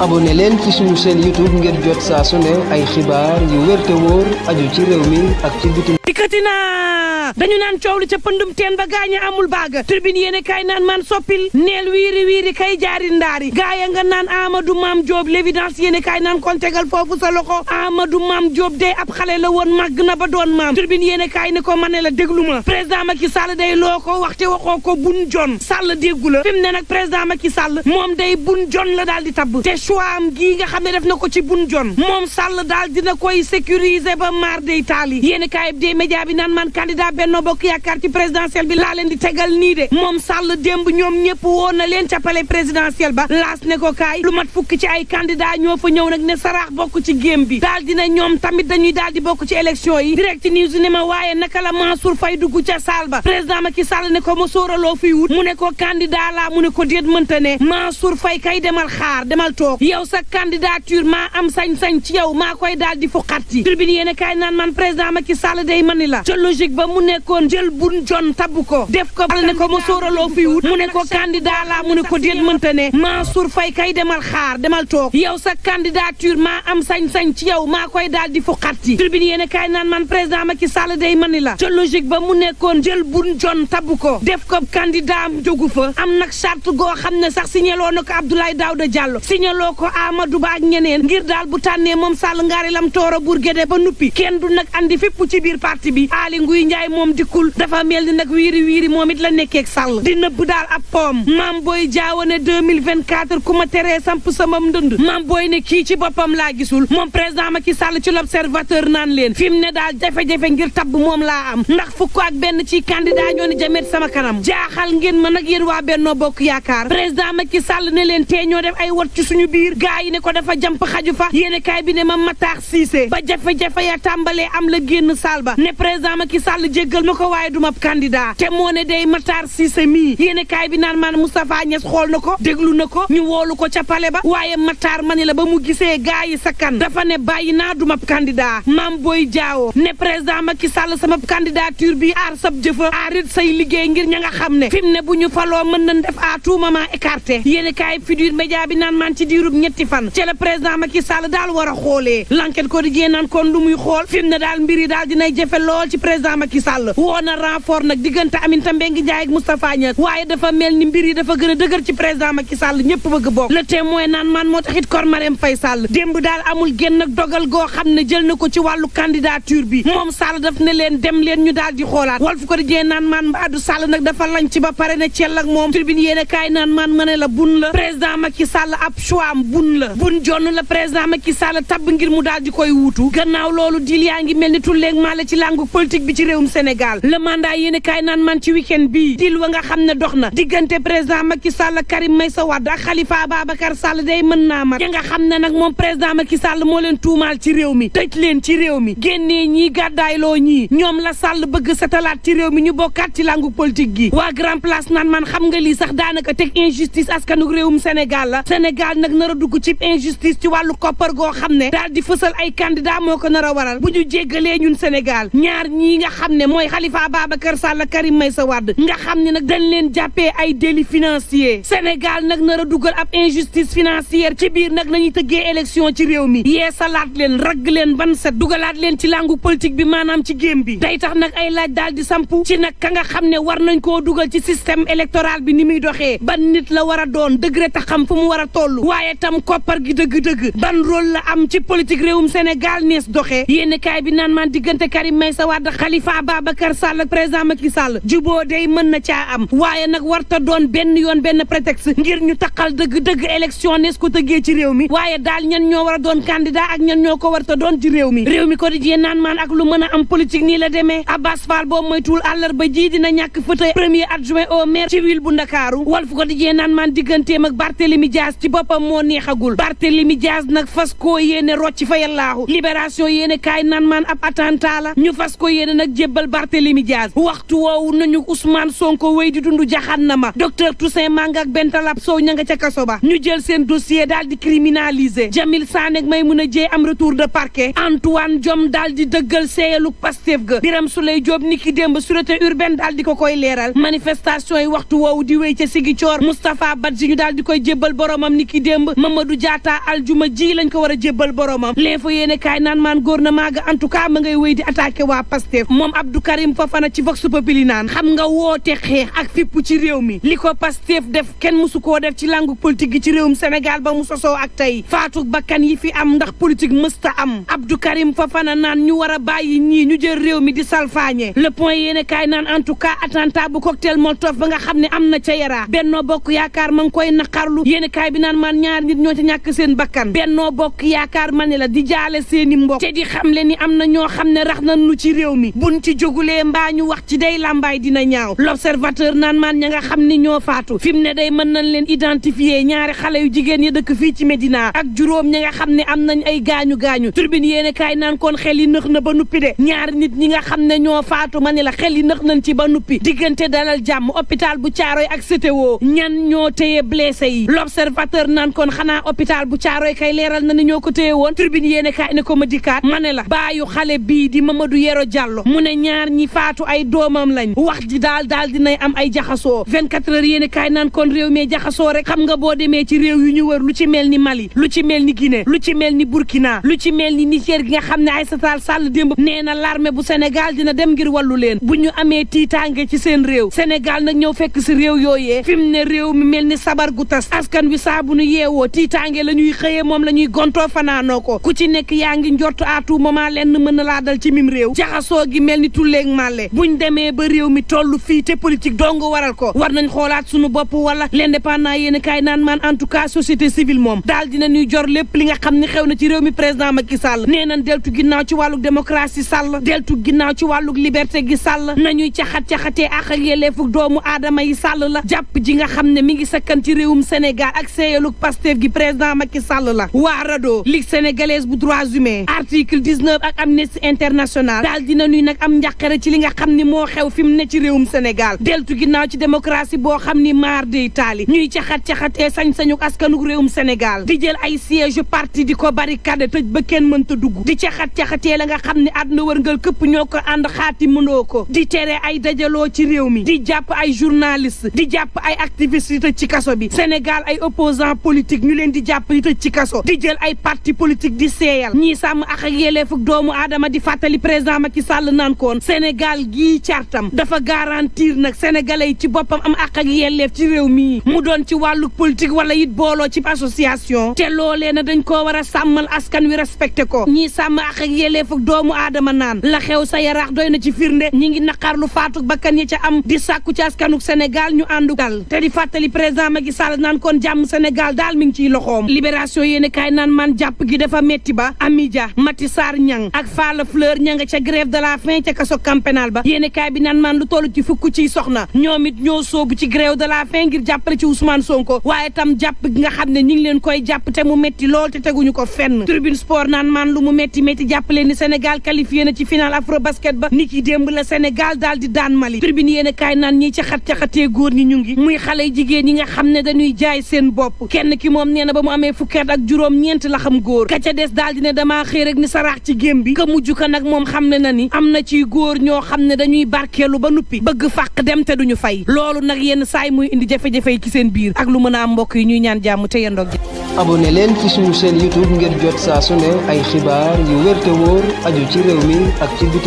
abonné leen ci suñu chaîne YouTube ngir jot saa su ne ay xibaar yu wér te wóor aju ci réew mi ak ci bitim. dikkati naa dañu naan coow li ca pëndum teen ba gaañ amul baaga tribune yéene naan man soppil neel wiiri wiiri kay jaari ndaari gaaya nga naan Amadou Mame Diop l'évidence yéene kaay naan kon tegal foofu sa loxo Amadou maam Diop de ab xale la woon màgg na ba doon maam tribune yéene kaay ne ko ma ne la déglu ma président Macky Sall day loo ko wax te ko bun jon Sall déggu la fi nag président Macky Sall moom day bun jon la daal di tabb choix am gii nga xam ne def na ko ci bun jon moom Sall daal dina koy sécuriser ba maar dey Italie yéen kaay bi de média bi naan man candidat Benno Bokk Yaakaar ci présidentielle bi laa leen di tegal nii de moom Sall démb ñoom ñëpp woon na leen ca palais présidentiel ba laas ne ko kaay lu mat fukki ci ay candidat ñoo fa ñëw nag ne saraax bokk ci géem bi daal dina ñoom tamit dañuy daal di bokk ci élection yi direct news ne ma waaye naka la Mansour fay dugg ca saal ba président Macky Sall ne ko ma sóoraloo fiy wut mu ne ko candidat laa mu ne ko déet mënta ne Mansour Faye kay demal demal toog ko yow sa candidature maa am sañ-sañ ci yow maa koy daal di fuqarti tribune yéen a kaay naan man président Macky Sall day mani la ca mu nekkoon jël bun jon tabu ko def ko bal ne ko ma sóoraloo fi wut mu ne ko candidat laa mu ne ko déet mënta ne Mansour Faye kay demal xaar demal yow sa am sañ-sañ ci yow maa koy daal di fuqarti tribune yéen a naan man président Macky Sall day mani la ca ba mu nekkoon jël bun jon tabu ko def ko candidat am jógu fa am nag charte goo xam ne sax signéloo na ko Abdoulaye Daouda Diallo signéloo àndandoo ko Amadou Ba ak ñeneen ngir daal bu tànnee moom Sall ngaari lam tooro bur géde ba nuppi kenn du nag indi fépp ci biir parti bi Aly Ngouille Ndiaye moom dikkul dafa mel ni nag wiiri wiiri moom it la nekkeeg Sall di nëbb daal ab poom maam booy jaawane 2024 ku ma teree samp samam ndënd maam booy ne kii ci boppam laa gisul moom président Macky Sall ci l'observateur naan leen fi ne daal jafe-jafe ngir tabb moom laa am ndax fukk ak benn ci candidat ñoo ni jamet sama kanam jaaxal ngeen ma nag yéen waa Benno Bokk Yaakaar président Macky sàll ne leen tee ñoo def ay wat ci suñu biir gaa yi ne ko dafa jamp xaju fa yéene kaay bi ne ma mataax siisee ba jafe-jafe ya tàmbalee am la génn saal ba ne président Macky Sall jéggal ma ko waaye duma ma candidat te moo ne day mataar siisee mii yéene kaay bi naan man Moustapha Niass xool na ko déglu na ko ñu woolu ko ca pale ba waaye mataar ma ne la ba mu gisee gaa yi sakkan dafa ne bàyyi naa du ma candidat maam booy jaawoo ne président Macky Sall sama candidature bi aar sab jëfa aarit say liggéey ngir ña nga ne fi bu ñu faloo mën nañ def à tout moment écarté yéene kaay fi diirub ñetti fan ci la président Macky Sall daal war a xoolee l'enquête quotidien naan kon lu muy xool fi mu ne daal mbir yi daal dinay jafe lool ci président Macky Sall woo na renfort nag diggante Aminata Mbengue Ndiaye ak Moustapha Niasse waaye dafa mel ni mbir yi dafa gën a dëgër ci président Macky Sall ñëpp bëgg bokk le témoin naan man moo taxit kor Marème Faye Sall démb daal amul génn ak dogal goo xam ne jël na ko ci wàllu candidature bi moom Sall daf ne leen dem leen ñu daal di xoolaat Walf Quotidien naan man Abdou Sall nag dafa lañ ci ba pare ne cell ak moom tribune yéen a kaay naan man ma ne la bun la président Macky Sall ab am bun la bun jonn la président Macky Sall tabb ngir mu daal di koy wuutu gannaaw loolu dil yaa ngi mel ni tulleeg maa la ci làngu politique bi ci réewum Sénégal le mandat yéen kaay naan man ci week-end dil wa nga xam ne dox na diggante président makki Sall Karim Meïssa Wade ak Khalifa Ababacar Sall day mën naa mat ya nga xam ne nag moom président Macky Sall moo leen tuumaal ci réew mi tëj leen ci réew mi génnee ñii gàddaayloo ñii ñoom la Sall bëgg setalaat ci réew mi ñu bokkaat ci làngu politique gi waa grand place man xam nga lii sax daanaka teg injustice askanuk réewum Sénégal la Sénégal nag nar a dugg ci injustice ci wàllu koppar goo xam ne daal di fësal ay candidat moo ko nar a waral bu ñu jéggalee ñun Sénégal ñaar ñii nga xam ne mooy Khalifa Babacar Sall Karim sa Wade nga xam ne nag dañ leen jàppee ay délit financier Sénégal nag nar a dugal ab injustice financière ci biir nag nañuy tëggee élection ci réew mi yee salaat leen ragg leen ban set dugalaat leen ci langu politique bi maanaam ci géem bi day tax nag ay laaj daal di sampu ci nag ka nga xam ne war nañ koo dugal ci système électoral bi ni muy doxee ban nit la war a doon degré taxam fu mu war a toll waaye tam koppar gi dëgg-dëgg ban rôle la am ci politique réewum Sénégal nees doxee yéen kaay bi naan maan diggante Karim Meïssa Wade Khalifa Ababacar Sall ak président Macky Sall juboo day mën na ca am waaye nag warta doon benn yoon benn prétexte ngir ñu taqal dëgg-dëgg élection nees ko tëggee ci réew mi waaye daal ñan ñoo war a doon candidat ak ñan ñoo ko warta doon ci réew mi réew mi quotidien naan maan ak lu mën a am politique nii la demee Abbas Fall boobu moytuwul àllarba ji ñàkk fauteuil premier adjoint au maire ci ville bu Ndakaaru Walf quotidien naan maan digganteem ak Barthélémy ci boppam moo neexagul Barthélemy Dias nag fas koo yéene rocc fa yàllaahu libération yéene kaay nan maan ab attentat la ñu fas ko yéene nag jébbal Barthélemy Dias waxtu woowu nañu Ousmane Sonko wéy di dund ma docteur Toussaint Manga ak Bentalab Sow ña nga ca kaso ba ñu jël seen dossier daal di criminaliser Jamil Sané may mun a jee am retour de parquet Antoine Diome daal di dëggal seeyalu Pastef ga Birame Souleye Diop ni ki démb sûreté urbaine daal di ko koy leeral manifestation yi waxtu woowu di wéy ca Ziguinchor Moustapha Badji ñu daal di koy jébbal boromam ni ki démb ma démb Mamadou Diatta aljuma ji lañ ko war a jébbal boromam l'info yéene kaay naan maan gouvernement ga en tout cas ma ngay wéy di attaqué waa Pastef moom Abdou Karim Fofana ci Vox Populi naan xam nga woote xeex ak fipp ci réew mi li ko Pastef def kenn musu koo def ci langue politique gi ci réewum Sénégal ba mu sosoo ak tey faatu bakkan yi fi am ndax politique mësta am Abdou Karim Fofana naan ñu war a bàyyi ñii ñu jël réew mi di salfaañe le point yéene kaay naan en tout cas attentat bu cocktail Molotov ba nga xam ne am na ca Yara Benno Bokk Yaakaar ma ngi koy naqarlu yéene kaay bi naan maan ñaar ñaar nit ñoo ci ñàkk seen bakkan bennoo bokk yaakaar ma ne la di jaale seeni mbokk di xam le ni am na ñoo xam ne rax nañu ci réew mi buñ ci jógulee mbaa ñu wax ci day làmbaay dina ñaaw l'observateur naan maan ña nga xam ni ñoo faatu fi mu ne day mën nañ leen identifier ñaari xale yu jigéen ya dëkk fii ci Medina ak juróom ña nga xam ne am nañ ay gaañu gaañu turbine yéen kaay naan kon xel yi nëx na ba nuppi de ñaari nit ñi nga xam ne ñoo faatu ma ni la xel yi nëx nañ ci ba nuppi diggante dalal jàmm hôpital bu Caaroy ak CTO ñan ñoo téye blessé yi l'observateur naan kon xanaa hôpital bu Caaroy kay leeral na ni ñoo ko téye woon tribune yéene kaay ne ko ma dikkaat ma la baayu xale bii di Mamadou Yero Diallo mu ne ñaar ñi faatu ay doomam lañ wax ji daal daal dinay am ay jaxasoo 24 heures yéene kaay naan kon réew jaxasoo rek xam nga boo demee ci réew yu ñu wër lu ci mel ni Mali lu ci mel ni Guinée lu ci mel ni Burkina lu ci mel ni Niger gi nga xam ne Aïssata Tall Sall démb nee na l'armée bu Sénégal dina dem ngir wàllu leen bu ñu amee tiitaange ci seen réew Sénégal nag ñëw fekk si réew yooye fi mu ne réew mi mel ni sabar gu tas askan wi saa bu nu yeewu yeewoo tiitaange la ñuy xëyee moom la ñuy gontoo fanaanoo ko ku ci nekk yaa ngi njort à tout lenn mën na laa dal ci mim réew jaxasoo gi mel ni tulleeg màlle buñ demee ba réew mi toll fii te politique dong waral ko war nañ xoolaat suñu bopp wala l'indépendant yéen kaay naan maan en tout cas société civile moom daal dina ñuy jor lépp li nga xam ne xew na ci réew mi président Macky Sall nee nañ deltu ginnaaw ci wàlluk démocratie Sall deltu ginnaaw ci wàlluk liberté gi Sall nañuy caxat-caxatee àq ak yelleefuk doomu aadama yi Sall la jàpp ji nga xam ne mi ngi sakkan ci réewum Sénégal Pastef gi président Macky Sall la waa RADDHO Ligue sénégalaise bu droits humains article 19 ak Amnesty International daal dina nuy nag am njàqare ci li nga xam ni moo xew fi mu ne ci réewum Sénégal deltu ginnaaw ci démocratie boo xam ni maar dey taali ñuy caxat-caxatee sañ-sañu askanuk réewum Sénégal di jël ay siège parti di ko barricade tëj ba kenn mënta dugg di caxat-caxatee la nga xam ni àdduna wërngal këpp ñoo ko ànd xaati mënoo ko di tere ay dajaloo ci réew mi di jàpp ay journaliste di jàpp ay activiste ci kaso bi Sénégal politique ñu leen di jàpp di tëj ci kaso di jël ay parti politique di seeyal ñii sàmm ak ak yelleefuk doomu aadama di fàttali président Macky Sall naan koon Sénégal gii cartam dafa garantir nag sénégalais yi ci boppam am ak ci réew mii mu doon ci wàllu politique wala it booloo ci association te loolee na dañ koo war a sàmmal askan wi respecté ko ñii sàmm ak ak doomu aadama naan la xew sa yaraax doy na ci firnde ñi ngi naqar lu bakkan yi ca am di sàkku ci askanuk Sénégal ñu àndu dal te di fàttali président Macky Sall naan koon jàmm Sénégal mi mi ngi ciy loxoom libération yéen kaay naan man jàpp gi dafa metti ba amidia mati saar ñang ak faala fleur ña nga ca grève de la faim ca kaso camp ba yéen kaay bi naan man lu toll ci fukk ciy soxna ñoom it ñoo soobu ci grève de la faim ngir jàppale ci Ousmane Sonko waaye tam jàpp gi nga xam ne ñu ngi leen koy jàpp te mu metti lool te teguñu ko fenn tribune sport naan man lu mu metti metti jàppale ni Sénégal qualifié na ci final afro basket ba ni ki démb la Sénégal daal di daan Mali tribune yéen kaay naan ñi ca xat ca xatee ñu ngi muy xale ñi nga xam ne dañuy jaay seen bopp kenn ki ki moom nee na ba mu amee fukki ak juróom-ñeent la xam góor ka ca des daal di ne dama xëy rek ni saraax ci gém bi ka mujj ko nag moom xam ne na ni am na ci góor ñoo xam ne dañuy barkeelu ba nuppi bëgg fàq dem te duñu fay loolu nag yenn saay muy indi jafe-jafe yi ci seen biir ak lu mën a am mbokk yi ñuy ñaan jàmm te yendoog ji abonné leen ci suñu seen YouTube ngir jot saa su ne ay xibaar yu wér wóor aju ci réew mi ak ci bitim